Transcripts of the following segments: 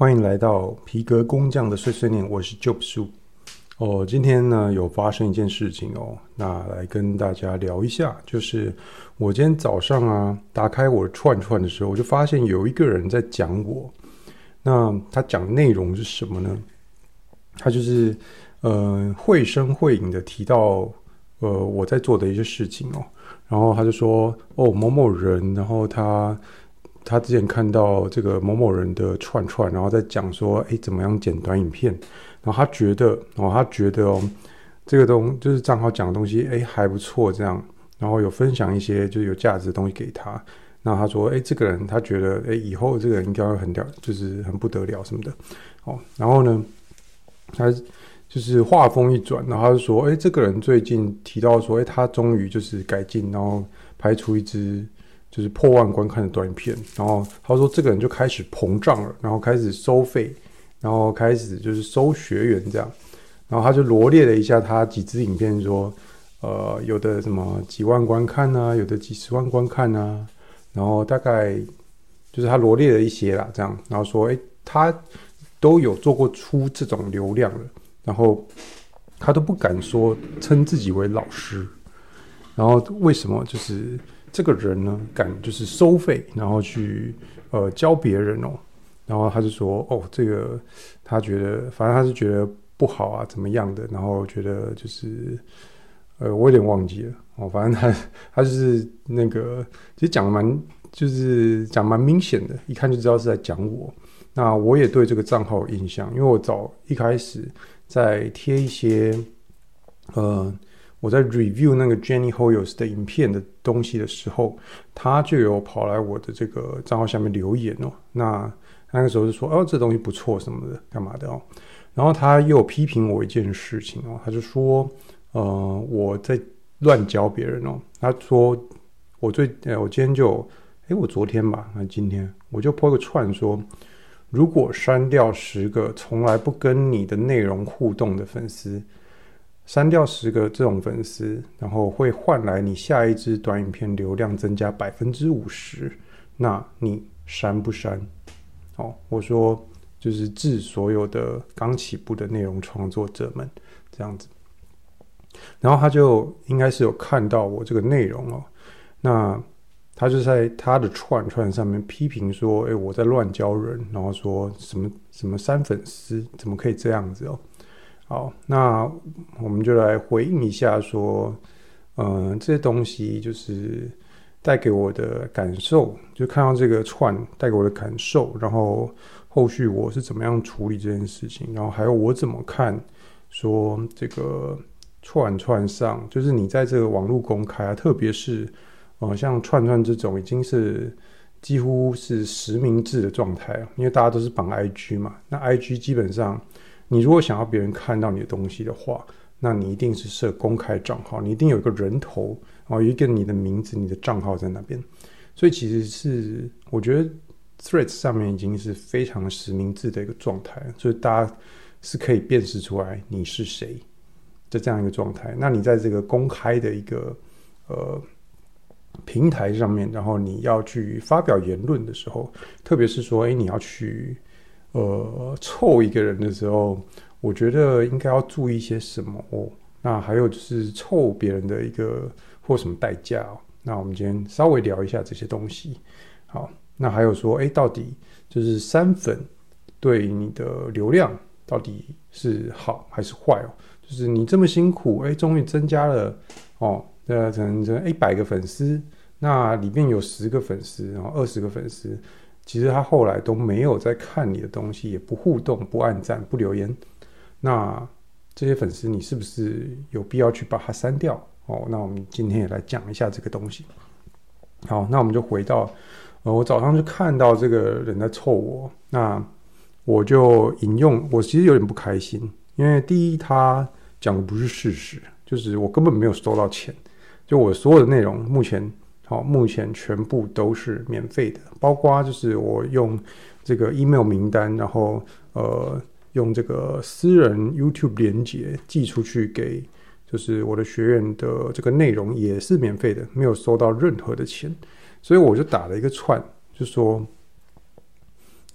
歡迎來到皮革工匠的碎碎念，我是 Job Su。哦，今天呢有發生一件事情哦，那來跟大家聊一下，就是我今天早上啊打開我串串的時候，我就發現有一個人在講我。那他講內容是什麼呢？他就是嗯，呃、繪聲繪影的提到呃我在做的一些事情哦，然後他就說哦，某某人，然後他。他之前看到這個某某人的串串，然後在講說，誒，怎麼樣剪短影片？然後他覺得，哦，他覺得哦，這個東就是賬號講的東西，誒，還不錯，這樣。然後有分享一些就是有價值的東西給他。那他說，誒，這個人，他覺得，誒，以後這個人應該會很屌，就是很不得了什麼的。哦，然後呢，他就是話鋒一轉，然後他就說，誒，這個人最近提到說，誒，他終於就是改進，然後拍出一支。就是破萬觀看的短片，然後他說這個人就開始膨脹了，然後開始收費，然後開始就是收學員這樣，然後他就羅列了一下他幾支影片說，說呃有的什麼幾萬觀看吶、啊，有的幾十萬觀看吶、啊，然後大概就是他羅列了一些啦，這樣，然後說誒，他都有做過出這種流量了，然後他都不敢說稱自己為老師，然後為什麼就是？這個人呢，敢就是收費，然後去呃教別人哦，然後他就說哦，這個他覺得，反正他是覺得不好啊，怎麼樣的，然後覺得就是，呃，我有點忘記了哦，反正他他就是那個，其實講的蠻，就是講蠻明顯的，一看就知道是在講我。那我也對這個賬號有印象，因為我早一開始在貼一些，呃。我在 review 那個 Jenny Hoyos 的影片的東西的時候，他就有跑來我的這個賬號下面留言哦。那那個時候就說：“哦，這東西不錯什麼的，幹嘛的哦？”然後他又批評我一件事情哦，他就說：“呃，我在亂教別人哦。”他說：“我最……我今天就……哎，我昨天吧，那今天我就 po 個串說，如果刪掉十個從來不跟你的內容互動的粉絲。”刪掉十個這種粉絲，然後會換來你下一支短影片流量增加百分之五十，那你刪不刪？哦，我說就是致所有的剛起步的內容創作者們，這樣子。然後他就應該是有看到我這個內容哦，那他就在他的串串上面批評說：“誒，我在亂教人，然後說什麼什麼刪粉絲，怎麼可以這樣子哦？”好，那我們就來回應一下，說，嗯、呃，這些東西就是帶給我的感受，就看到這個串帶給我的感受，然後後續我是怎麼樣處理這件事情，然後還有我怎麼看說這個串串上，就是你在這個網絡公開啊，特別是，呃，像串串這種已經是幾乎是實名制的狀態，因為大家都是綁 IG 嘛，那 IG 基本上。你如果想要別人看到你的東西的話，那你一定是設公開賬號，你一定有一個人頭啊，然後一個你的名字、你的賬號在那邊。所以其實是我覺得 Threads 上面已經是非常實名制的一個狀態，所以大家是可以辨識出來你是誰的這樣一個狀態。那你在這個公開的一個呃平台上面，然後你要去發表言論的時候，特別是說，誒、欸、你要去。呃，臭一個人的時候，我覺得應該要注意些什麼哦？那還有就是臭別人的一個或什麼代價哦？那我們今天稍微聊一下這些東西。好，那還有說，哎，到底就是刪粉對你的流量到底是好還是壞哦？就是你這麼辛苦，哎，終於增加了哦，那可能這一百個粉絲，那裡面有十個粉絲，然後二十個粉絲。其實他後來都沒有在看你的東西，也不互動、不按讚、不留言。那這些粉絲，你是不是有必要去把它刪掉？哦，那我們今天也來講一下這個東西。好，那我們就回到，呃，我早上就看到這個人在臭我，那我就引用。我其實有點不開心，因為第一，他講的不是事實，就是我根本沒有收到錢。就我所有的內容，目前。好，目前全部都是免費的，包括就是我用這個 email 名單，然後呃用這個私人 YouTube 連接寄出去給，就是我的學員的這個內容也是免費的，沒有收到任何的錢，所以我就打了一個串，就說，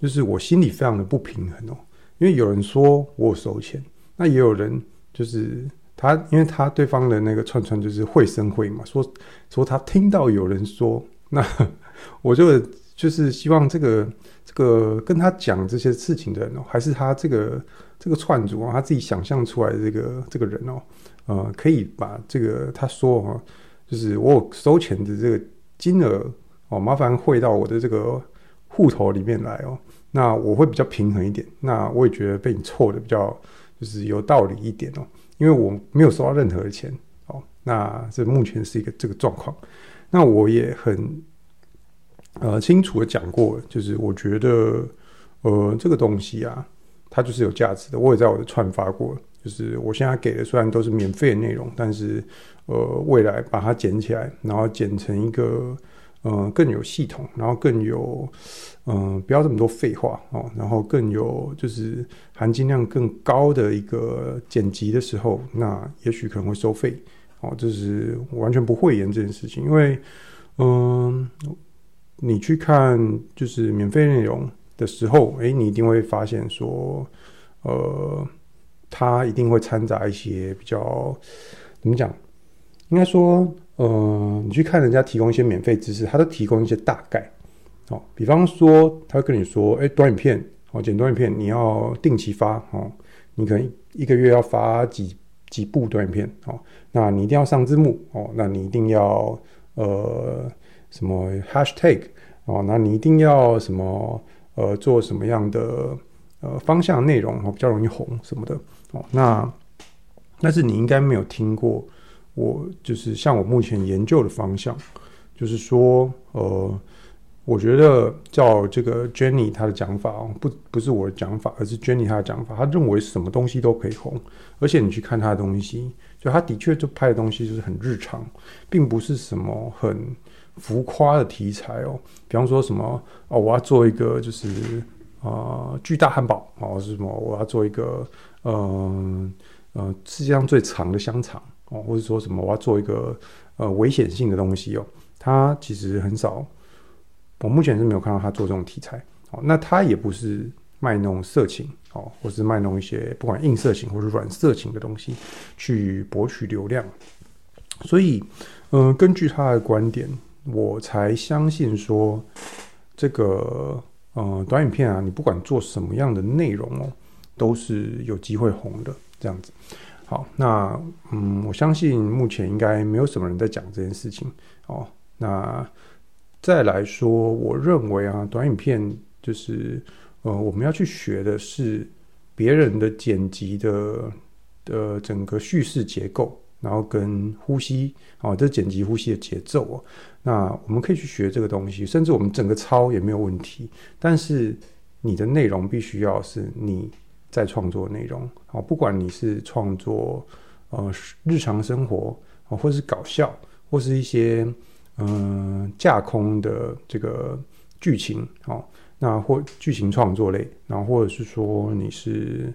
就是我心裡非常的不平衡哦，因為有人說我有收錢，那也有人就是。他，因為他對方的那個串串就是會聲會影嘛，說說他聽到有人說，那我就就是希望這個這個跟他講這些事情的人哦，還是他這個這個串主啊、哦，他自己想象出來的這個這個人哦，呃，可以把這個他說哦，就是我有收錢的這個金額哦，麻煩匯到我的這個戶頭裡面來哦，那我會比較平衡一點，那我也覺得被你錯的比較就是有道理一點哦。因為我沒有收到任何的錢，哦，那這目前是一個這個狀況。那我也很，呃，清楚的講過，就是我覺得，呃，這個東西啊，它就是有價值的。我也在我的串發過，就是我現在給的雖然都是免費的內容，但是，呃，未來把它剪起來，然後剪成一個，呃，更有系統，然後更有。嗯、呃，不要這麼多廢話哦。然後更有就是含金量更高的一個剪輯的時候，那也許可能會收費哦。這、就是完全不諱言這件事情，因為嗯、呃，你去看就是免費內容的時候，誒，你一定會發現說，呃，它一定會摻雜一些比較怎麼講？應該說，呃，你去看人家提供一些免費知識，它都提供一些大概。哦，比方說他會跟你說，哎，短影片，哦，剪短影片，你要定期發，哦，你可能一個月要發幾幾部短影片，哦，那你一定要上字幕，哦，那你一定要呃什麼 hashtag，哦，那你一定要什麼呃做什麼樣的呃方向內容，哦，比較容易紅什麼的，哦，那但是你應該沒有聽過我，我就是像我目前研究的方向，就是說，呃。我覺得叫這個 Jenny 她的講法哦，不不是我的講法，而是 Jenny 她的講法。她認為什麼東西都可以紅，而且你去看她的東西，就她的確就拍的東西就是很日常，並不是什麼很浮誇的題材哦。比方說什麼哦，我要做一個就是啊、呃、巨大漢堡哦，是什麼？我要做一個呃呃世界上最長的香腸哦，或者說什麼？我要做一個呃危險性的東西哦，他其實很少。我目前是沒有看到他做這種題材，那他也不是賣弄色情，或是賣弄一些不管硬色情或是軟色情的東西去博取流量，所以，嗯、呃，根據他的觀點，我才相信說這個，嗯、呃、短影片啊，你不管做什麼樣的內容哦，都是有機會紅的，這樣子。好，那，嗯，我相信目前應該沒有什麼人在講這件事情，哦，那。再來說，我認為啊，短影片就是，呃，我們要去學的是別人的剪輯的呃，的整個敘事結構，然後跟呼吸啊、呃，這剪輯呼吸的節奏哦、啊。那我們可以去學這個東西，甚至我們整個抄也沒有問題。但是你的內容必須要是你在創作內容啊、呃，不管你是創作呃日常生活啊、呃，或是搞笑，或是一些。嗯、呃，架空的這個劇情哦，那或劇情創作類，然後或者是說你是，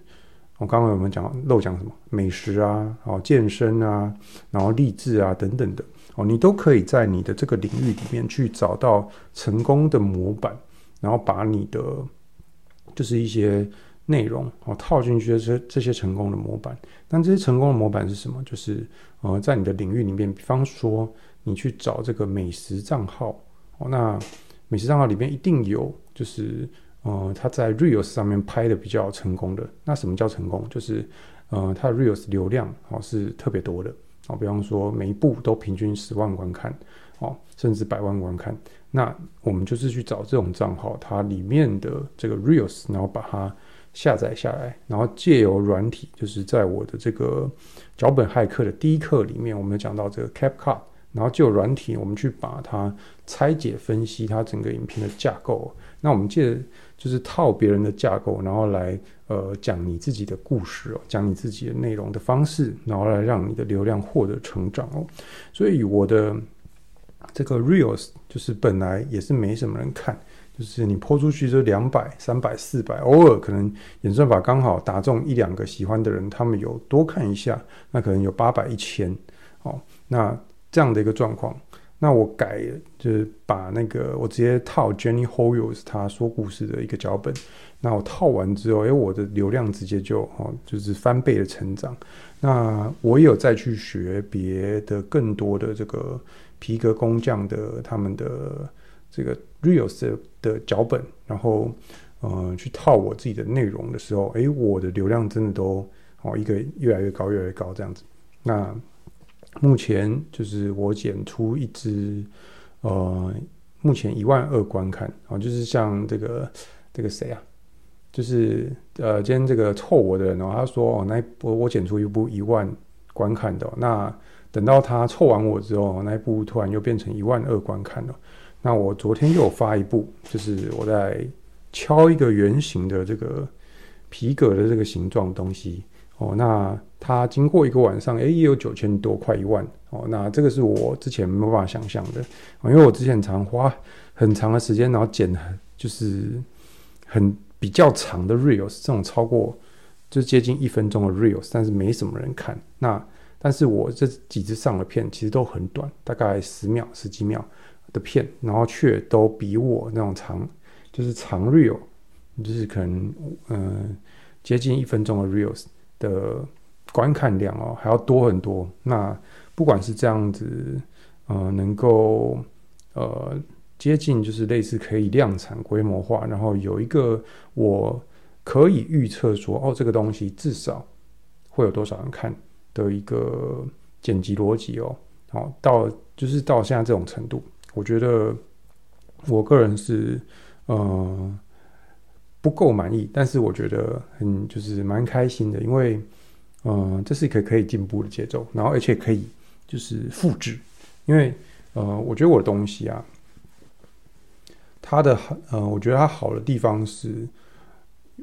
我、哦、剛剛有沒有講漏講什麼美食啊，哦，健身啊，然後勵志啊等等的哦，你都可以在你的這個領域裡面去找到成功的模板，然後把你的就是一些內容哦套進去的這這些成功的模板。那這些成功的模板是什麼？就是呃，在你的領域裡面，比方說。你去找這個美食賬號哦，那美食賬號裡面一定有，就是呃，他在 Reels 上面拍的比較成功的。那什麼叫成功？就是呃，他的 Reels 流量哦是特別多的哦，比方說每一部都平均十萬觀看哦，甚至百萬觀看。那我們就是去找這種賬號，它裡面的這個 Reels，然後把它下載下來，然後借由軟體，就是在我的這個腳本駭客的第一課裡面，我們有講到這個 CapCut。然後就軟體，我們去把它拆解，分析它整個影片的架構、哦。那我們借就是套別人的架構，然後來呃講你自己的故事，哦、講你自己的內容的方式，然後來讓你的流量獲得成長哦。所以我的這個 reels 就是本來也是沒什麼人看，就是你 po 出去就兩百、三百、四百，偶爾可能演算法剛好打中一兩個喜歡的人，他們有多看一下，那可能有八百、一千哦，那。這樣的一個狀況，那我改就是把那個我直接套 Jenny Hoyos 他說故事的一個腳本，那我套完之後，誒，我的流量直接就哈、哦、就是翻倍的成長。那我也有再去學別的更多的這個皮革工匠的他們的這個 Reels 的腳本，然後嗯、呃、去套我自己的內容的時候，誒，我的流量真的都哦一個越來越高越來越高這樣子。那目前就是我剪出一支，呃，目前一萬二觀看啊，哦，就是像這個這個誰啊，就是呃，今天這個臭我的人哦，他說哦，那我我剪出一部一萬觀看的，哦，那等到他臭完我之後，那一部突然又變成一萬二觀看了，那我昨天又發一部，就是我在敲一個圓形的這個皮革的這個形狀東西。哦，那它經過一個晚上，誒、欸，也有九千多，快一萬。哦，那這個是我之前沒辦法想象的，因為我之前常花很長的時間，然後剪很就是很比較長的 reels，這種超過就是、接近一分鐘的 reels，但是沒什麼人看。那但是我這幾支上的片其實都很短，大概十秒、十幾秒的片，然後卻都比我那種長，就是長 reels，就是可能嗯、呃、接近一分鐘的 reels。的觀看量哦還要多很多。那不管是這樣子，呃，能夠呃接近，就是類似可以量產、規模化，然後有一個我可以預測說，哦，這個東西至少會有多少人看的一個剪輯邏輯哦。好，哦，到就是到現在這種程度，我覺得我個人是嗯。呃不夠滿意，但是我覺得很就是蠻開心的，因為，嗯、呃，這是可以可以進步的節奏，然後而且可以就是複製，因為，呃，我覺得我的東西啊，它的呃，我覺得它好的地方是，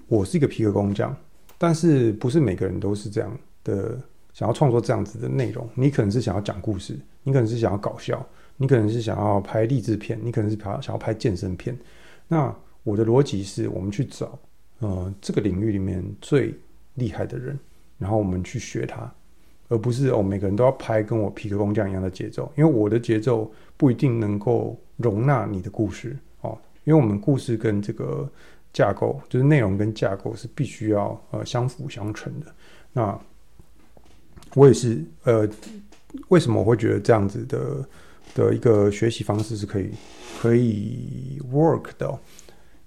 我是一個皮革工匠，但是不是每個人都是這樣的，想要創作這樣子的內容，你可能是想要講故事，你可能是想要搞笑，你可能是想要拍勵志片，你可能是想要拍健身片，那。我的邏輯是我們去找，呃，這個領域裡面最厲害的人，然後我們去學他，而不是哦每個人都要拍跟我皮革工匠一樣的節奏，因為我的節奏不一定能夠容納你的故事哦，因為我們故事跟這個架構，就是內容跟架構是必須要呃相輔相成的。那我也是呃，為什麼我會覺得這樣子的的一個學習方式是可以可以 work 的哦？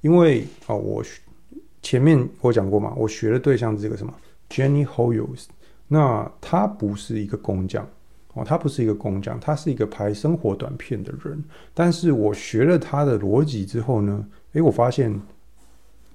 因為啊、哦，我前面我講過嘛，我學的對象是這個什麼 Jenny Hoyos 那他不是一個工匠哦，他不是一個工匠，他是一個拍生活短片的人。但是我學了他的邏輯之後呢，哎，我發現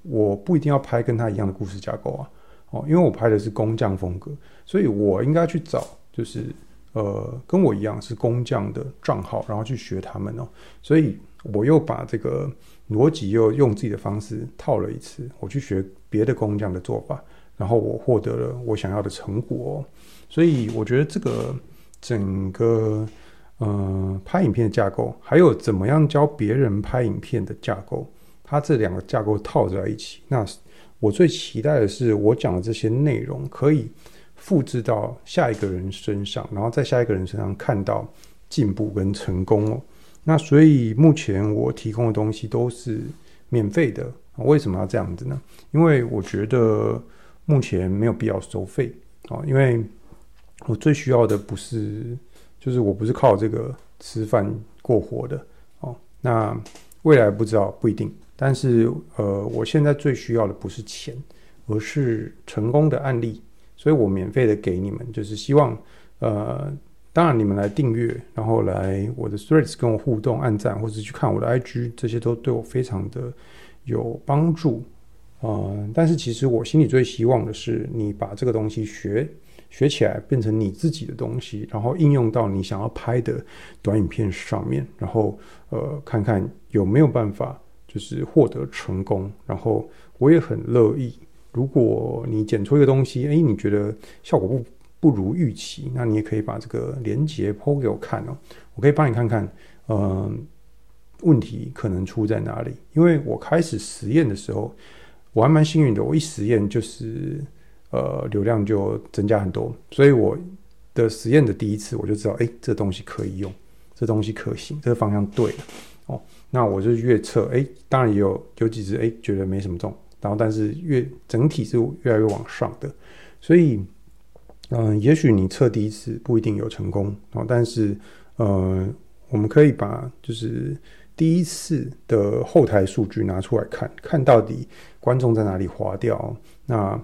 我不一定要拍跟他一樣的故事架構啊，哦，因為我拍的是工匠風格，所以我應該去找就是呃跟我一樣是工匠的賬號，然後去學他們哦。所以我又把這個。邏輯又用自己的方式套了一次，我去學別的工匠的做法，然後我獲得了我想要的成果，哦。所以我覺得這個整個，嗯，呃，拍影片的架構，還有怎麼樣教別人拍影片的架構，它這兩個架構套在一起。那我最期待的是，我講的這些內容可以複製到下一個人身上，然後在下一個人身上看到進步跟成功哦。那所以目前我提供的東西都是免費的，為什麼要這樣子呢？因為我覺得目前沒有必要收費啊，因為我最需要的不是，就是我不是靠這個吃飯過活的哦。那未來不知道不一定，但是呃，我現在最需要的不是錢，而是成功的案例，所以我免費的給你們，就是希望呃。當然，你們來訂閱，然後來我的 Threads 跟我互動、按讚，或者去看我的 IG，這些都對我非常的有幫助，嗯、呃，但是，其實我心裡最希望的是，你把這個東西學學起來，變成你自己的東西，然後應用到你想要拍的短影片上面，然後呃，看看有沒有辦法就是獲得成功。然後我也很樂意，如果你剪出一個東西，誒，你覺得效果不。不如預期，那你也可以把這個連接 PO 給我看哦，我可以幫你看看。嗯、呃，問題可能出在哪裡？因為我開始實驗的時候，我還蠻幸運的。我一實驗就是，呃，流量就增加很多，所以我的實驗的第一次我就知道，哎、欸，這東西可以用，這東西可行，這個方向對了哦。那我就越測，哎、欸，當然有有幾隻，哎、欸，覺得沒什麼重，然後但是越整體是越來越往上的，所以。嗯、呃，也許你測第一次不一定有成功、哦，但是呃，我們可以把就是第一次的後台數據拿出來看，看到底觀眾在哪裡滑掉，那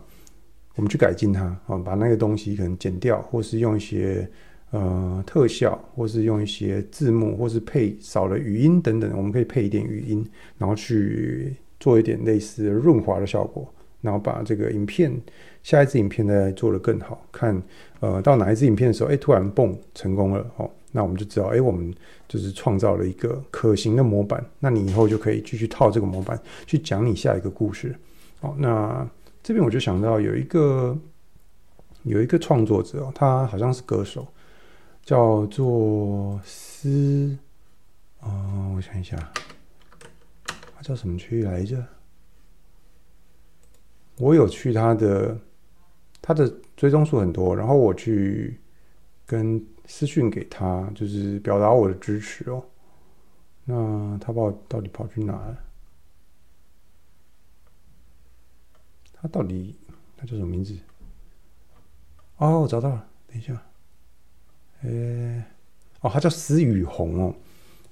我們去改進它啊、哦，把那個東西可能剪掉，或是用一些呃特效，或是用一些字幕，或是配少了語音等等，我們可以配一點語音，然後去做一點類似潤滑的效果，然後把這個影片，下一支影片呢做得更好看，呃，到哪一支影片的時候，哎，突然蹦成功了哦，那我們就知道，哎，我們就是創造了一個可行的模板，那你以後就可以繼續套這個模板去講你下一個故事。哦，那這邊我就想到有一個有一個創作者，哦，他好像是歌手，叫做思，哦，呃，我想一下，他叫什麼區域來着？我有去他的。他的追蹤數很多，然後我去跟私訊給他，就是表達我的支持哦。那他把我到底跑去哪了？他到底他叫什麼名字？哦，我找到了，等一下，誒，哦，他叫思雨紅哦，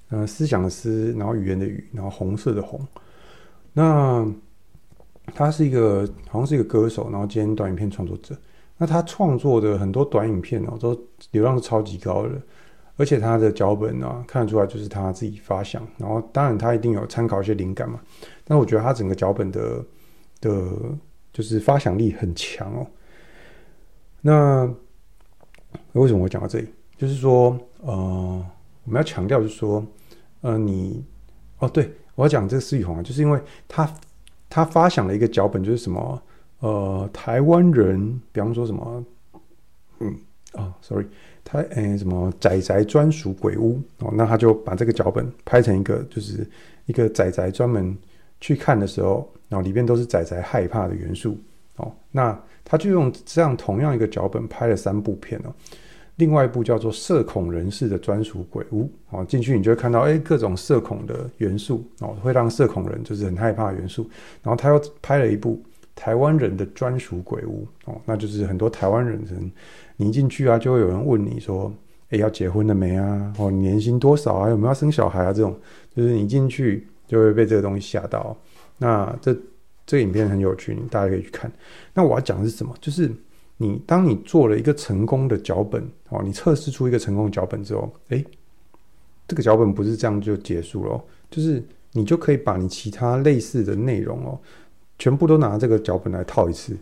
呃、思想的思，然後語言的語，然後紅色的紅，那。他是一個好像是一個歌手，然後兼短影片創作者。那他創作的很多短影片哦，都流量是超級高的，而且他的腳本呢啊，看得出來就是他自己發想，然後當然他一定有參考一些靈感嘛。但我覺得他整個腳本的的，就是發想力很強哦。那為什麼我講到這裡？就是說，呃，我們要強調就是說，呃，你哦，對，我要講這個司雨紅啊，就是因為他。他發想了一個腳本，就是什麼，呃，台灣人，比方說什麼，嗯，啊、哦，sorry，他呃、欸，什麼宅宅專屬鬼屋哦，那他就把這個腳本拍成一個，就是一個宅宅專門去看的時候，然後裡面都是宅宅害怕的元素哦，那他就用這樣同樣一個腳本拍了三部片哦。另外一部叫做“社恐人士”的專屬鬼屋哦，進去你就會看到誒，各種社恐的元素哦，會讓社恐人就是很害怕的元素。然後他又拍了一部台灣人的專屬鬼屋哦，那就是很多台灣人，你一進去啊，就會有人問你說：“誒，要結婚了沒啊？或年薪多少啊？有沒有要生小孩啊？”這種就是你進去就會被這個東西嚇到。那這這個影片很有趣，你大家可以去看。那我要講的是什麼？就是。你當你做了一個成功的腳本，哦，你測試出一個成功的腳本之後，誒，這個腳本不是這樣就結束了喔，就是你就可以把你其他類似的內容喔，全部都拿這個腳本來套一次。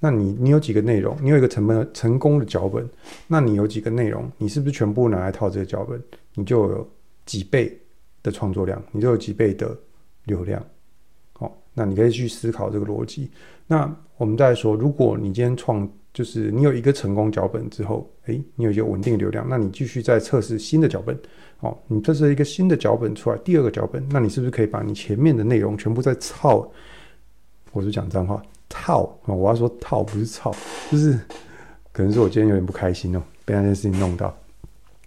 那你你有幾個內容？你有一個成本成功的腳本，那你有幾個內容？你是不是全部拿來套這個腳本？你就有幾倍的創作量，你就有幾倍的流量。好，那你可以去思考這個邏輯。那我們再說，如果你今天創。就是你有一個成功腳本之後，誒，你有一個穩定的流量，那你繼續再測試新的腳本，哦，你測試一個新的腳本出來，第二個腳本，那你是不是可以把你前面的內容全部再套？我就講髒話，套、哦、我要說套不是操，就是可能是我今天有點不開心哦，被那件事情弄到。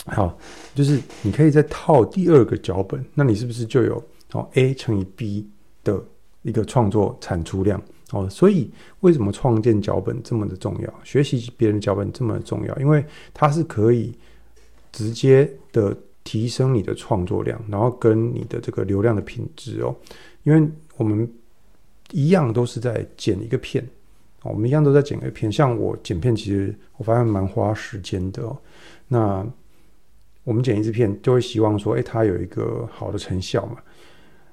好，就是你可以再套第二個腳本，那你是不是就有哦 A 乘以 B 的一個創作產出量？哦，所以為什麼創建腳本這麼的重要？學習別人腳本這麼重要？因為它是可以直接的提升你的創作量，然後跟你的這個流量的品質哦。因為我們一樣都是在剪一個片，哦，我們一樣都在剪一個片。像我剪片，其實我發現蠻花時間的。哦，那我們剪一支片，就會希望說，誒，欸，它有一個好的成效嘛。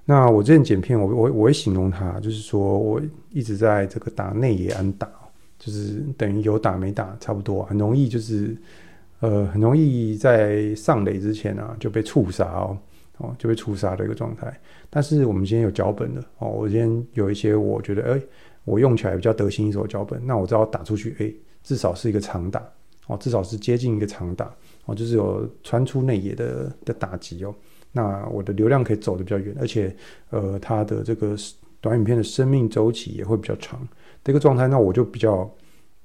那我這邊剪片我，我我我會形容它，就是說我一直在這個打內野安打，就是等於有打沒打差不多、啊，很容易就是呃很容易在上壘之前啊就被觸殺哦，哦就被觸殺的一個狀態。但是我們今天有腳本的哦，我今天有一些我覺得誒、哎，我用起來比較得心應手的腳本，那我只要打出去誒、哎，至少是一個長打哦，至少是接近一個長打哦，就是有穿出內野的的打擊哦。那我的流量可以走得比較遠，而且，呃，它的這個短影片的生命周期也會比較長，這個狀態，那我就比較，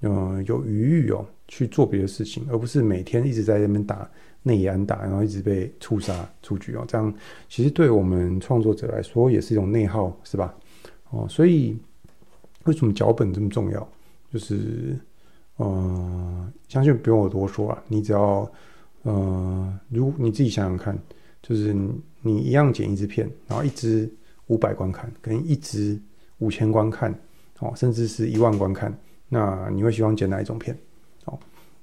嗯、呃，有餘裕哦去做別的事情，而不是每天一直在那邊打內野安打，然後一直被觸殺出局哦。這樣其實對我們創作者來說也是一種內耗，是吧？哦、呃，所以為什麼腳本這麼重要？就是，嗯、呃，相信不用我多說了、啊，你只要，嗯、呃，如你自己想想看。就是你一樣剪一支片，然後一支五百觀看，跟一支五千觀看，哦，甚至是一萬觀看，那你會喜歡剪哪一種片？哦，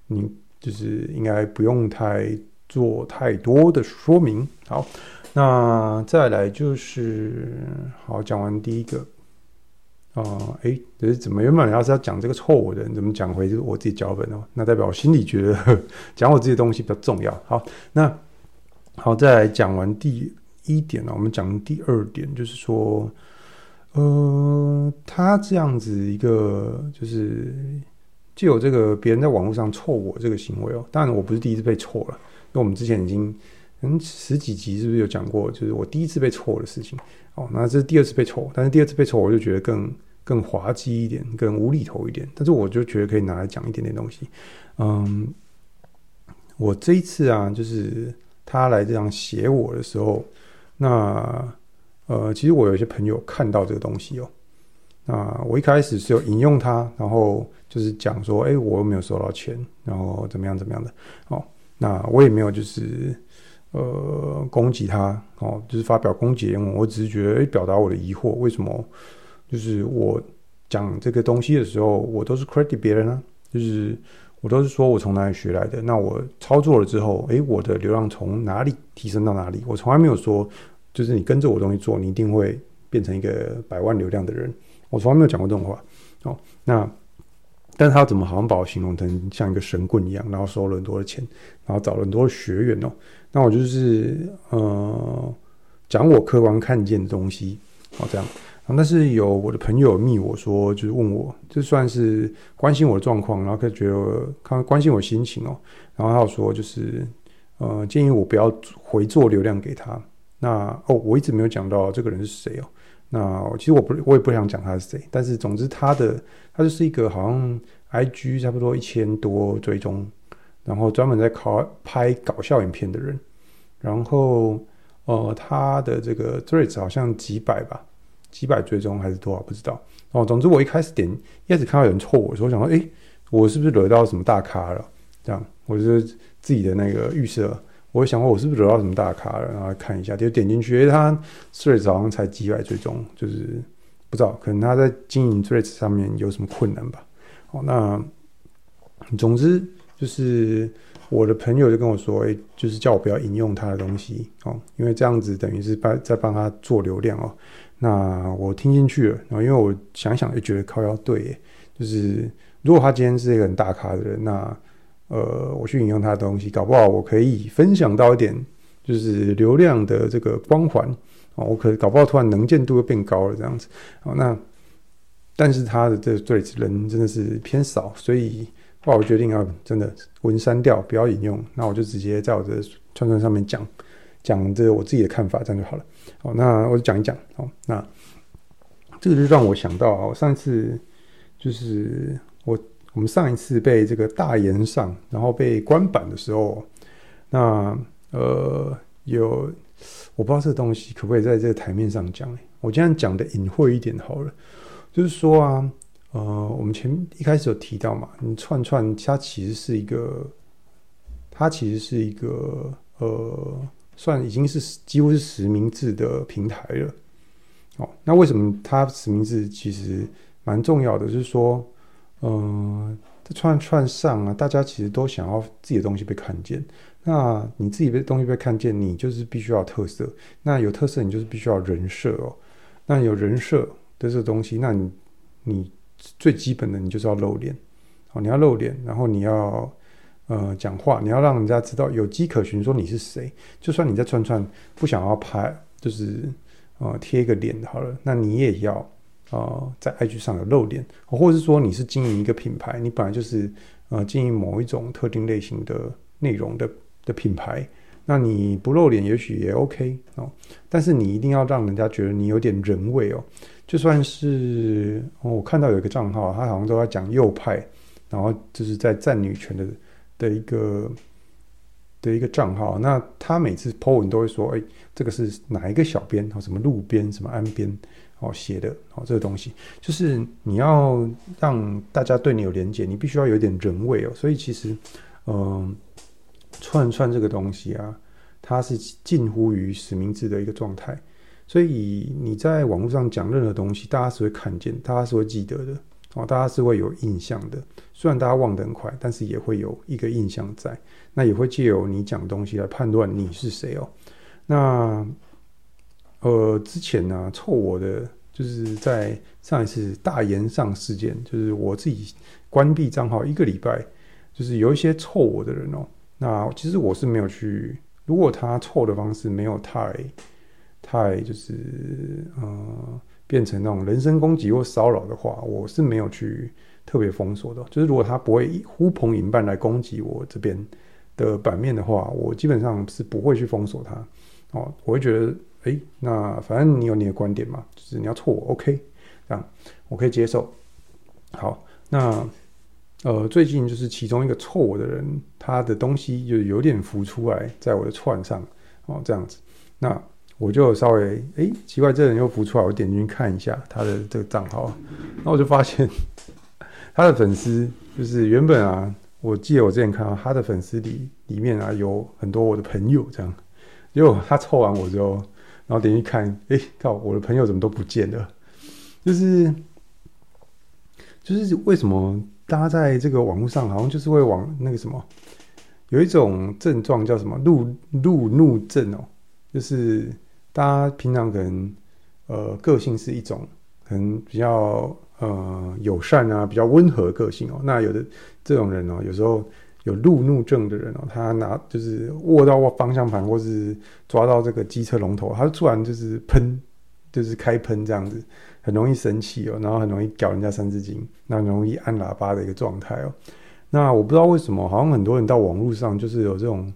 你就是應該不用太做太多的說明。好，那再來就是，好講完第一個啊，哎、呃，欸、怎麼原本要是要講這個錯誤的，你怎麼講回就我自己腳本哦？那代表我心裡覺得講我自己的東西比較重要。好，那。好，再來講完第一點呢，我們講第二點，就是說，呃，他這樣子一個，就是就有這個別人在網絡上臭我這個行為哦。當然，我不是第一次被臭了，因為我們之前已經嗯十幾集是不是有講過，就是我第一次被臭的事情哦。那這是第二次被臭，但是第二次被臭，我就覺得更更滑稽一點，更無厘頭一點。但是我就覺得可以拿來講一點點東西。嗯，我這一次啊，就是。他來這樣寫我的時候，那呃，其實我有些朋友看到這個東西哦、喔，那我一開始是有引用他，然後就是講說，哎、欸，我又沒有收到錢，然後怎麼樣怎麼樣的，哦、喔，那我也沒有就是呃攻擊他，哦、喔，就是發表攻擊言論，我只是覺得，哎、欸，表達我的疑惑，為什麼就是我講這個東西的時候，我都是 credit 別人呢、啊？就是。我都是說我從哪裡學來的，那我操作了之後，誒，我的流量從哪裡提升到哪裡？我從來沒有說，就是你跟着我的東西做，你一定會變成一個百萬流量的人。我從來沒有講過這種話。哦，那，但是他怎麼好像把我形容成像一個神棍一樣，然後收了很多的錢，然後找了很多學員哦。那我就是呃，講我客觀看見的東西，哦，這樣。但是有我的朋友密我說，就是問我，就算是關心我的狀況，然後覺得看關心我的心情哦、喔。然後他有說，就是呃，建議我不要回做流量給他。那哦，我一直沒有講到這個人是誰哦、喔。那其實我不，我也不想講他是誰，但是總之他的他就是一個好像 IG 差不多一千多追蹤，然後專門在考拍搞笑影片的人。然後呃，他的這個 Threads 好像幾百吧。幾百追蹤還是多少不知道哦。總之我一開始點，一開始看到有人臭我，說我想說，誒、欸，我是不是惹到什麼大咖了？這樣，我就是自己的那個預設，我會想說，我是不是惹到什麼大咖了？然後看一下，就點進去，誒、欸，他 Threads 早上才幾百追蹤，就是不知道，可能他在經營 Threads 上面有什麼困難吧。哦，那總之就是我的朋友就跟我說，哎、欸，就是叫我不要引用他的東西哦，因為這樣子等於是幫在幫他做流量哦。那我聽進去了，然後因為我想想就覺得靠要對耶，就是如果他今天是一個很大咖的人，那呃我去引用他的東西，搞不好我可以分享到一點，就是流量的這個光環啊、哦，我可搞不好突然能見度又變高了這樣子。好、哦，那但是他的這類型人真的是偏少，所以話我決定要真的文刪掉，不要引用，那我就直接在我的串串上面講。講這個我自己的看法，這樣就好了。好，那我就講一講。好，那這個就讓我想到啊，我上一次就是我我們上一次被這個大延上，然後被關板的時候，那呃有我不知道這個東西可不可以在這個台面上講。我今天講的隱晦一點好了，就是說啊，呃，我們前一開始有提到嘛，你串串它其實是一個，它其實是一個呃。算已經是幾乎是實名制的平台了，哦，那為什麼它實名制其實蠻重要的？就是說，嗯、呃，這串串上啊，大家其實都想要自己的東西被看見。那你自己的東西被看見，你就是必須要特色。那有特色，你就是必須要人設哦。那有人設的這個東西，那你你最基本的你就是要露臉，哦，你要露臉，然後你要。呃，講話你要讓人家知道有跡可循，說你是誰。就算你在串串不想要拍，就是，呃貼一個臉好了，那你也要，啊、呃，在 IG 上有露臉，或者是說你是經營一個品牌，你本來就是，呃，經營某一種特定類型的內容的的品牌，那你不露臉也許也 OK 哦，但是你一定要讓人家覺得你有點人味哦。就算是、哦、我看到有一個賬號，他好像都在講右派，然後就是在戰女權的。的一個的一個賬號，那他每次 Po 文都會說：“哎、欸，這個是哪一個小編？哦，什麼路邊，什麼安邊，哦寫的，哦這個東西，就是你要讓大家對你有連結，你必須要有點人味哦。所以其實，嗯、呃，串串這個東西啊，它是近乎於實名制的一個狀態。所以你在網絡上講任何東西，大家是會看見，大家是會記得的。”大家是會有印象的。雖然大家忘得很快，但是也會有一個印象在。那也會借由你講東西來判斷你是誰哦。那呃，之前呢、啊，臭我的就是在上一次大炎上事件，就是我自己關閉賬號一個禮拜，就是有一些臭我的人哦。那其實我是沒有去，如果他臭的方式沒有太太就是嗯。呃變成那種人身攻擊或騷擾的話，我是沒有去特別封鎖的。就是如果他不會呼朋引伴來攻擊我這邊的版面的話，我基本上是不會去封鎖他。哦，我會覺得，哎、欸，那反正你有你的觀點嘛，就是你要錯我，OK，這樣我可以接受。好，那呃，最近就是其中一個錯我的人，他的東西就是有點浮出來在我的串上，哦，這樣子，那。我就稍微哎，奇怪，這人又浮出來，我點進去看一下他的這個賬號那我就發現他的粉絲就是原本啊，我記得我之前看到他的粉絲裡裡面啊有很多我的朋友這樣，結果他臭完我之後，然後點進去看，哎靠，我的朋友怎麼都不見了？就是就是為什麼大家在這個網絡上好像就是會往那個什麼，有一種症狀叫什麼路路怒症哦，就是。大家平常可能，呃，個性是一種可能比較呃友善啊，比較溫和的個性哦。那有的這種人哦，有時候有路怒、怒症的人哦，他拿就是握到握方向盤，或是抓到這個機車龍頭，他突然就是噴，就是開噴這樣子，很容易生氣哦，然後很容易咬人家三字經，那很容易按喇叭的一個狀態哦。那我不知道為什麼，好像很多人到網絡上就是有這種，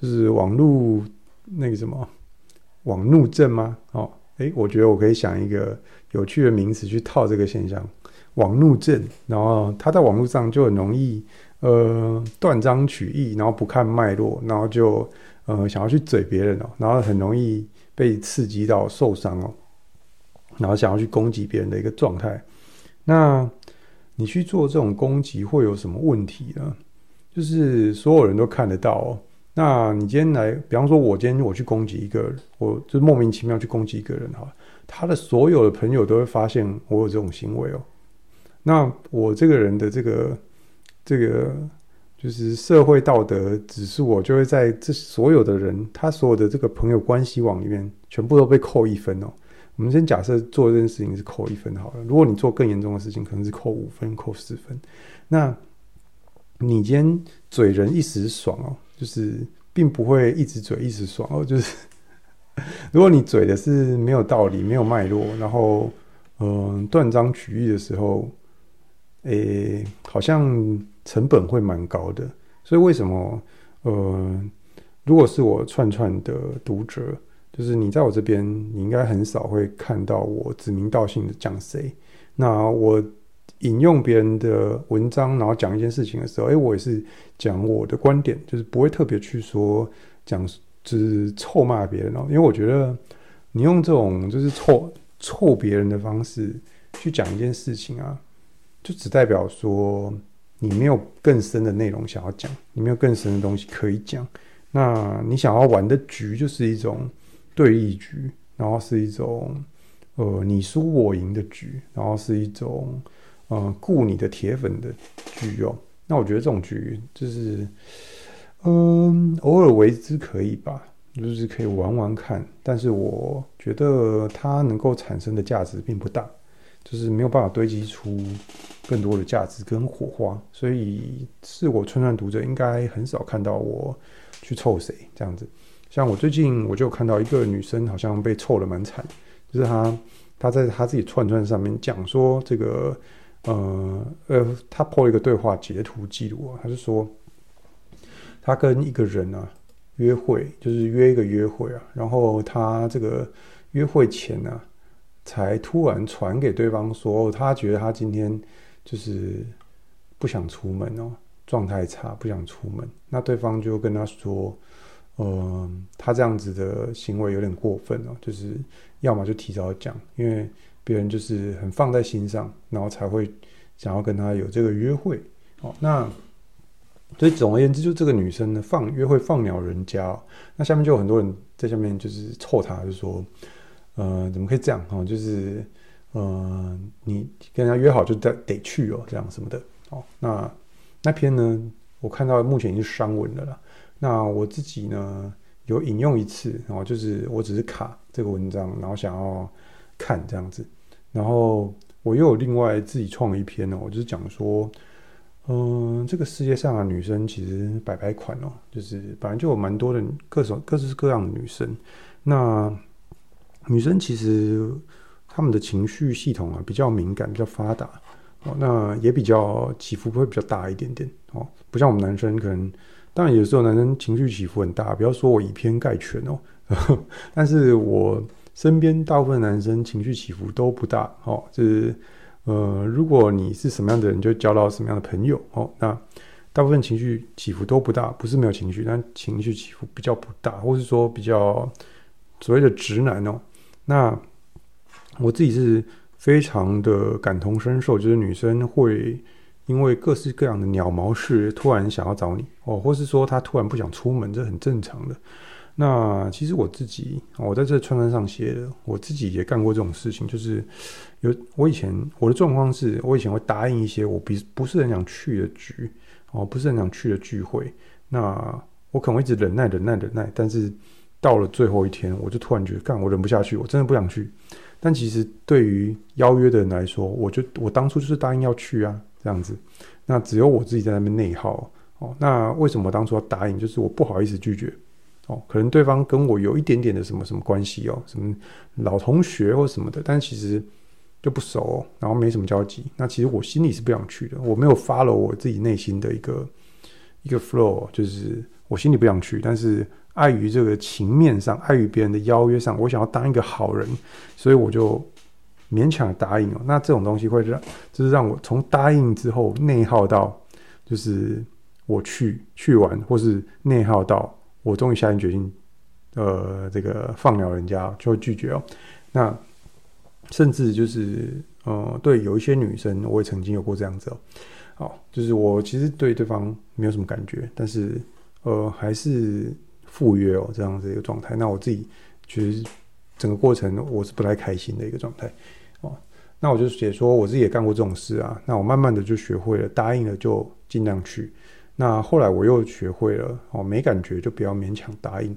就是網絡那個什麼。網怒症嗎？哦，哎，我覺得我可以想一個有趣的名詞去套這個現象，網怒症。然後他在網絡上就很容易，呃，斷章取義，然後不看脈絡，然後就呃想要去嘴別人哦，然後很容易被刺激到受傷哦，然後想要去攻擊別人的一個狀態。那你去做這種攻擊會有什麼問題呢？就是所有人都看得到哦。那你今天來，比方說，我今天我去攻擊一個，我就莫名其妙去攻擊一個人哈，他的所有的朋友都會發現我有這種行為哦。那我這個人的這個這個就是社會道德指數哦，我就會在這所有的人，他所有的這個朋友關係網裡面，全部都被扣一分哦。我們先假設做這件事情是扣一分好了。如果你做更嚴重的事情，可能是扣五分、扣四分。那你今天嘴人一時爽哦。就是並不會一直嘴一直爽哦，就是如果你嘴的是沒有道理、沒有脈絡，然後嗯呃斷章取義的時候，誒、欸，好像成本會蠻高的。所以為什麼呃，如果是我串串的讀者，就是你在我這邊，你應該很少會看到我指名道姓的講誰。那我。引用別人的文章，然後講一件事情的時候，哎、欸，我也是講我的觀點，就是不會特別去說講，就是臭罵別人喔。因為我覺得你用這種就是臭臭別人的方式去講一件事情啊，就只代表說你沒有更深的內容想要講，你沒有更深的東西可以講。那你想要玩的局就是一種對立局，然後是一種呃你輸我贏的局，然後是一種。嗯，僱你的鐵粉的局用、哦。那我覺得這種局就是，嗯，偶爾為之可以吧，就是可以玩玩看。但是我覺得它能夠產生的價值並不大，就是沒有辦法堆積出更多的價值跟火花。所以，是我串串讀者應該很少看到我去臭誰這樣子。像我最近我就看到一個女生好像被臭得蠻慘，就是她，她在她自己串串上面講說這個。呃呃，他 po 了一個對話截圖記錄啊，他是說他跟一個人啊約會，就是約一個約會啊，然後他這個約會前呢、啊，才突然傳給對方說，他覺得他今天就是不想出門哦，狀態差，不想出門。那對方就跟他說，嗯、呃，他這樣子的行為有點過分哦，就是要麼就提早講，因為。別人就是很放在心上，然後才會想要跟他有這個約會哦。那所以總而言之，就這個女生呢放約會放鳥人家哦，那下面就有很多人在下面就是臭他，就說呃怎麼可以這樣哦？就是呃你跟人家約好就得得去哦，這樣什麼的哦。那那篇呢，我看到目前已經刪文了啦。那我自己呢有引用一次然後、哦、就是我只是卡這個文章，然後想要看這樣子。然後我又有另外自己創了一篇呢、哦，我就是講說，嗯、呃，這個世界上的女生其實百百款哦，就是反正就有蠻多的各種各式各樣的女生。那女生其實她們的情緒系統啊比較敏感，比較發達哦，那也比較起伏會比較大一點點哦，不像我們男生可能，當然有時候男生情緒起伏很大，不要說我以偏概全哦，呵呵，但是我。身邊大部分男生情緒起伏都不大，哦，就是，呃，如果你是什麼樣的人，就交到什麼樣的朋友，哦，那大部分情緒起伏都不大，不是沒有情緒，但情緒起伏比較不大，或是說比較所謂的直男哦，那我自己是非常的感同身受，就是女生會因為各式各樣的鳥毛事突然想要找你，哦，或是說她突然不想出門，這很正常的。那其實我自己，我在這串串上寫的，我自己也幹過這種事情，就是有我以前我的狀況是，我以前會答應一些我比不是很想去的局哦，不是很想去的聚會，那我可能一直忍耐、忍耐、忍耐，但是到了最後一天，我就突然覺得，幹我忍不下去，我真的不想去。但其實對於邀約的人來說，我就我當初就是答應要去啊，這樣子。那只有我自己在那邊內耗哦。那為什麼我當初要答應？就是我不好意思拒絕。哦，可能對方跟我有一點點的什麼什麼關係哦，什麼老同學或什麼的，但其實就不熟哦，然後沒什麼交集。那其實我心裡是不想去的，我沒有 follow 我自己內心的一個一個 flow，就是我心裡不想去，但是礙於這個情面上，礙於別人的邀約上，我想要當一個好人，所以我就勉強答應哦。那這種東西會讓，就是讓我從答應之後內耗到，就是我去去玩，或是內耗到。我終於下定決心，呃，這個放了人家就會拒絕哦。那甚至就是，呃，對，有一些女生我也曾經有過這樣子哦，哦。就是我其實對對方沒有什麼感覺，但是呃，還是赴約哦，這樣子一個狀態。那我自己其實整個過程我是不太開心的一個狀態哦。那我就解說，我自己也幹過這種事啊。那我慢慢的就學會了，答應了就盡量去。那後來我又學會了哦，沒感覺就不要勉強答應，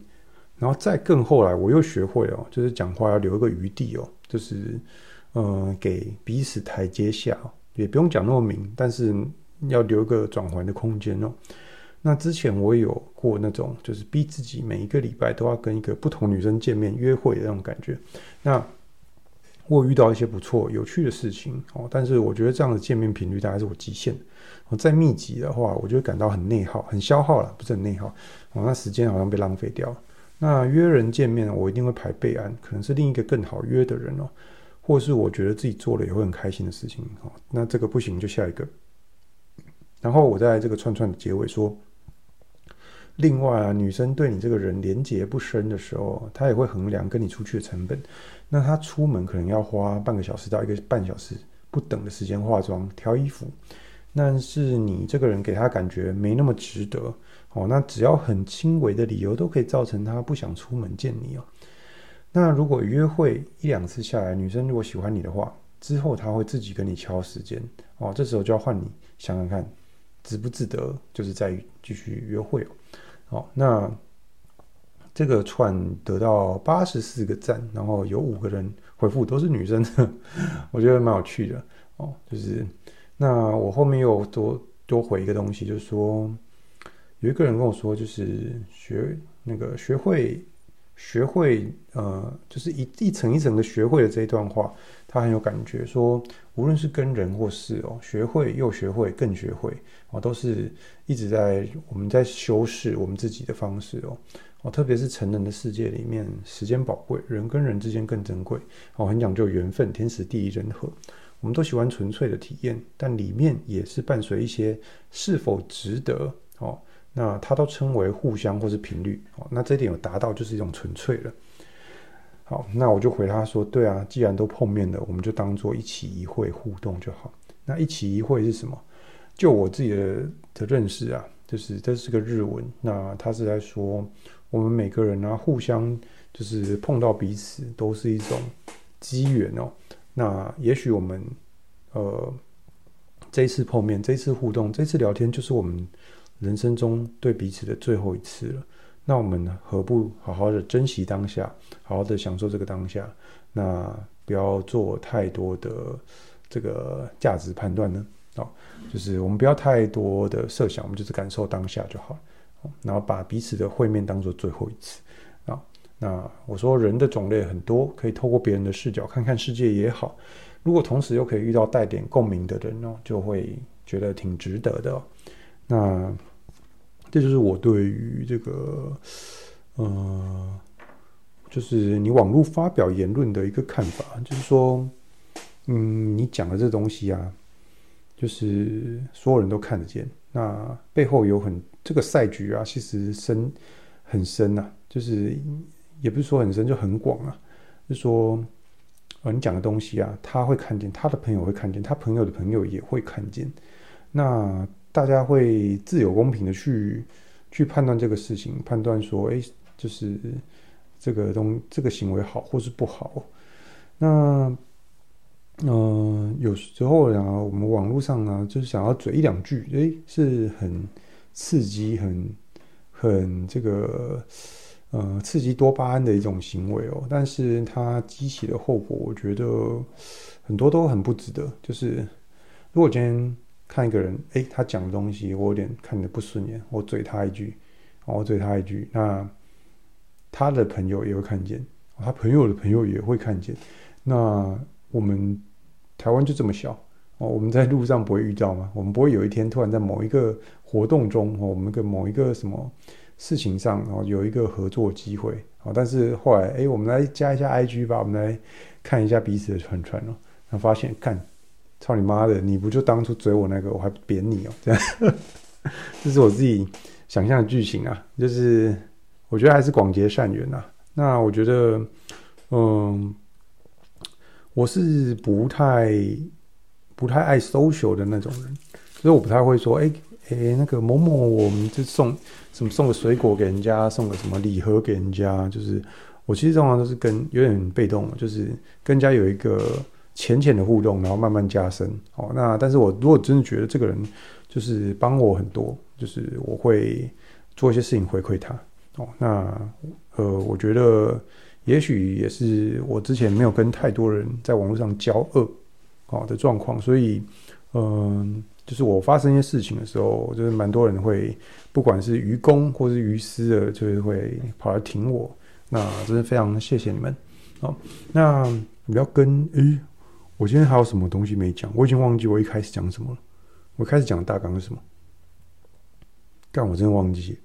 然後再更後來我又學會了，就是講話要留一個餘地哦，就是嗯、呃、給彼此台階下，也不用講那麼明，但是要留一個轉圜的空間哦。那之前我也有過那種，就是逼自己每一個禮拜都要跟一個不同女生見面約會的那種感覺，那。我遇到一些不錯、有趣的事情哦，但是我覺得這樣的見面頻率大概是我極限的。我再密集的話，我就會感到很內耗、很消耗了，不是很內耗。那時間好像被浪費掉了。那約人見面，我一定會排備案，可能是另一個更好約的人哦，或是我覺得自己做了也會很開心的事情。那這個不行，就下一個。然後我在這個串串的結尾說，另外啊，女生對你這個人連結不深的時候，她也會衡量跟你出去的成本。那他出門可能要花半個小時到一個半小時不等的時間化妝、挑衣服，但是你這個人給他感覺沒那麼值得哦。那只要很輕微的理由都可以造成他不想出門見你哦。那如果約會一兩次下來，女生如果喜歡你的話，之後她會自己跟你敲時間哦。這時候就要換你想想看，值不值得，就是再繼續約會哦。哦那。這個串得到八十四個讚，然後有五個人回覆都是女生的，我覺得蠻有趣的哦。就是那我後面又多多回一個東西，就是說有一個人跟我說，就是學那個學會學會呃，就是一，一層一層的學會了這一段話，他很有感覺說，說無論是跟人或事哦，學會又學會更學會哦，都是一直在我們在修飾我們自己的方式哦。哦，特別是成人的世界裡面，時間寶貴，人跟人之間更珍貴。哦，很講究緣分，天時地利人和。我們都喜歡純粹的體驗，但裡面也是伴隨一些是否值得。哦，那它都稱為互相或是頻率。哦，那這點有達到就是一種純粹了。好，那我就回他說，對啊，既然都碰面了，我們就當做一期一會互動就好。那一期一會是什麼？就我自己的的認識啊，就是這是個日文，那他是在說。我們每個人呢、啊，互相就是碰到彼此，都是一種機緣哦。那也許我們呃這一次碰面，這一次互動，這一次聊天，就是我們人生中對彼此的最後一次了。那我們何不好好的珍惜當下，好好的享受這個當下？那不要做太多的這個價值判斷呢？啊、哦，就是我們不要太多的設想，我們就是感受當下就好了。然後把彼此的會面當做最後一次啊。那我說人的種類很多，可以透過別人的視角看看世界也好。如果同時又可以遇到帶點共鳴的人哦，就會覺得挺值得的。那這就是我對於這個，嗯、呃，就是你網絡發表言論的一個看法，就是說，嗯，你講的這東西啊，就是所有人都看得見，那背後有很。這個賽局啊，其實深很深吶、啊，就是也不是說很深，就很廣啊。就是、說哦，你講的東西啊，他會看見，他的朋友會看見，他朋友的朋友也會看見。那大家會自由公平的去去判斷這個事情，判斷說，哎，就是這個東這個行為好或是不好。那嗯、呃，有時候呢、啊，我們網絡上呢、啊，就是想要嘴一兩句，哎，是很。刺激很，很這個，呃，刺激多巴胺的一種行為哦，但是它激起的後果，我覺得很多都很不值得。就是，如果今天看一個人，誒，他講的東西我有點看得不順眼，我嘴他一句，我嘴他一句，那他的朋友也會看見，他朋友的朋友也會看見，那我們台灣就這麼小。哦，我們在路上不會遇到嗎？我們不會有一天突然在某一個活動中，哦，我們跟某一個什麼事情上，然後，哦，有一個合作機會，哦，但是後來，哎，我們來加一下 IG 吧，我們來看一下彼此的串串哦，然後發現，看，操你媽的，你不就當初追我那個，我還扁你哦，這樣， 這是我自己想象的劇情啊，就是我覺得還是廣結善緣啊，那我覺得，嗯，我是不太。不太愛 social 的那種人，所以我不太會說，誒誒，那個某某，我們就送什麼送個水果給人家，送個什麼禮盒給人家，就是我其實通常都是跟有點被動，就是跟人家有一個淺淺的互動，然後慢慢加深。哦，那但是我如果真的覺得這個人就是幫我很多，就是我會做一些事情回饋他。哦，那呃，我覺得也許也是我之前沒有跟太多人在網絡上交惡。好的狀況，所以，嗯、呃，就是我發生一些事情的時候，就是蠻多人會，不管是於公或是於私的，就是、會跑來挺我。那真的非常謝謝你們。好、哦，那不要跟，誒、欸，我今天還有什麼東西沒講？我已經忘記我一開始講什麼了。我一開始講的大綱是什麼？但我真的忘記。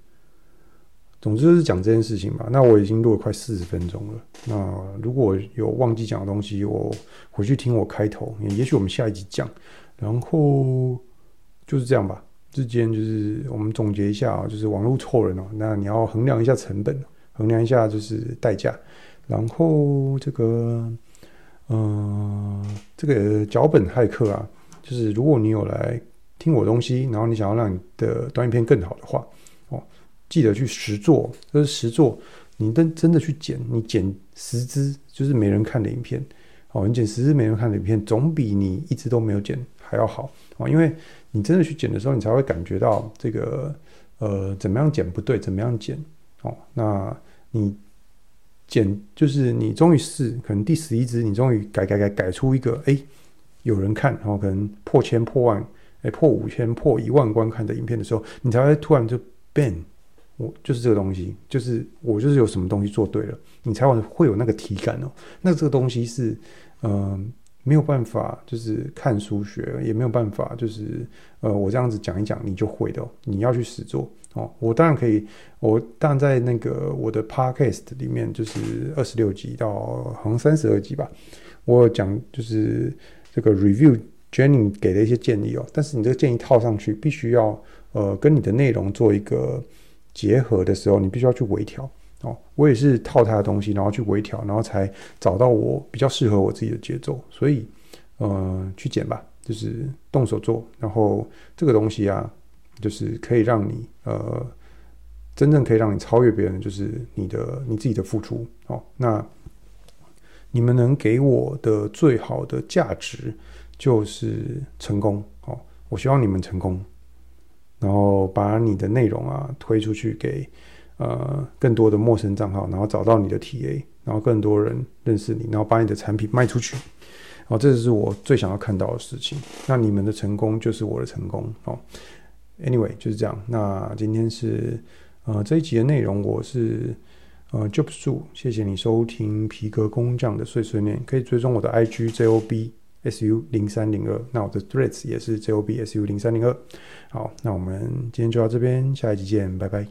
總之就是講這件事情嘛。那我已經錄了快四十分鐘了。那如果有忘記講的東西，我回去聽我開頭。也許我們下一集講。然後就是這樣吧。之間就是我們總結一下啊，就是網絡臭人哦。那你要衡量一下成本，衡量一下就是代價。然後這個，嗯，這個腳本駭客啊，就是如果你有來聽我的東西，然後你想要讓你的短片更好的話。記得去實做，都、就是實做。你真真的去剪，你剪十支就是沒人看的影片，哦，你剪十支沒人看的影片，總比你一直都沒有剪還要好哦。因為你真的去剪的時候，你才會感覺到這個呃，怎麼樣剪不對，怎麼樣剪哦。那你剪就是你終於是可能第十一支，你終於改改改改出一個哎有人看，然後可能破千破萬誒，破五千破一萬觀看的影片的時候，你才會突然就變。我就是這個東西，就是我就是有什麼東西做對了，你才會有那個體感哦。那這個東西是，嗯、呃，沒有辦法，就是看書學也沒有辦法，就是呃，我這樣子講一講你就會的哦。你要去實做哦。我當然可以，我當然在那個我的 podcast 裡面，就是二十六集到好像三十二集吧，我有講就是這個 review，覺得你給了一些建議哦，但是你這個建議套上去必，必須要呃跟你的內容做一個。結合的時候，你必須要去微調哦。我也是套他的東西，然後去微調，然後才找到我比較適合我自己的節奏。所以，呃，去剪吧，就是動手做。然後這個東西啊，就是可以讓你呃，真正可以讓你超越別人，就是你的你自己的付出哦。那你們能給我的最好的價值就是成功哦。我希望你們成功。然後把你的內容啊推出去給呃更多的陌生賬號，然後找到你的 TA，然後更多人認識你，然後把你的產品賣出去。哦，這就是我最想要看到的事情。那你們的成功就是我的成功。哦，Anyway 就是這樣。那今天是呃這一集的內容，我是呃 Jobsu 謝謝你收聽皮革工匠的碎碎念，可以追蹤我的 IG JOB。SU 零三零二，2，那我的 threads 也是 JOB SU 零三零二。好，那我們今天就到這邊，下一集見，拜拜。